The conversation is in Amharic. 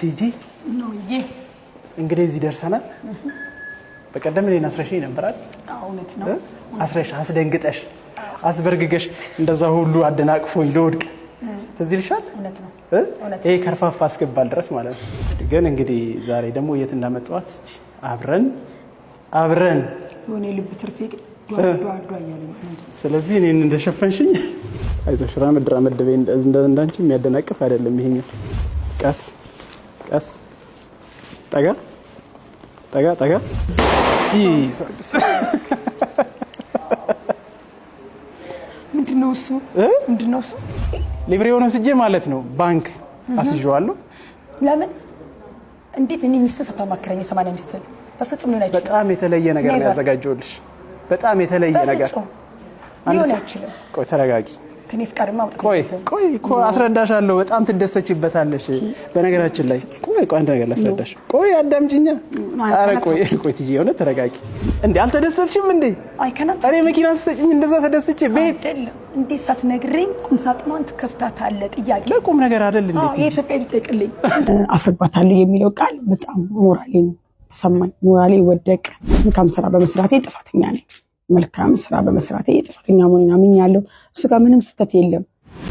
ቲጂ እንግዲህ እዚህ ደርሰናል። በቀደም እኔን አስረሽኝ ነበራል። እውነት ነው። አስረሽ፣ አስደንግጠሽ፣ አስበርግገሽ እንደዛ ሁሉ አደናቅፎኝ ልወድቅ ትዝ ይልሻል። ይሄ ከርፋፋ እስክባል ድረስ ማለት ነው። ግን እንግዲህ ዛሬ ደግሞ የት እንዳመጣኋት እስኪ አብረን አብረን የሆነ ልብ ትርቴ ስለዚህ እኔን እንደሸፈንሽኝ አይዞሽ፣ ራመድ ራመድ በይ። እንዳንቺ የሚያደናቅፍ አይደለም ይሄኛው ቀስ ቀስ ጠጋ ጠጋ ጠጋ። ምንድን እሱ? ምንድን እሱ? ሊብሬ የሆነ ስጄ ማለት ነው። ባንክ አስይዤዋለሁ። ለምን? እንዴት እኔ ሚስት ሳታማክረኝ የሰማንያ ሚስት በፍጹም ሊሆን አይችልም። በጣም የተለየ ነገር ነው በጣም የተለየ ነገር ሊሆን አይችልም። ቆይ ተረጋጊ። ከኔ ፍቃድ ቆይ ቆይ እኮ አስረዳሻለሁ። በጣም ትደሰችበታለሽ። በነገራችን ላይ ቆይ ቆይ አንድ ነገር ላስረዳሽ። ቆይ አዳምጪኛ። ኧረ ቆይ ቆይ ትዬ የሆነ ተረጋጊ። እንዴ አልተደሰትሽም እንዴ? መኪና እንደዛ ተደስቼ ቤት እንዴ ቁም ሳጥኗን ትከፍታታለህ። ጥያቄ ለቁም ነገር አይደል እንዴ? የኢትዮጵያ የሚለው ቃል በጣም ሞራሌ ተሰማኝ። ሞራሌ ወደቀ። መልካም ስራ በመስራቴ ጥፋተኛ ነኝ። መልካም ስራ በመስራት ጥፋተኛ መሆኔን አምኛለሁ። እሱ ጋር ምንም ስህተት የለም።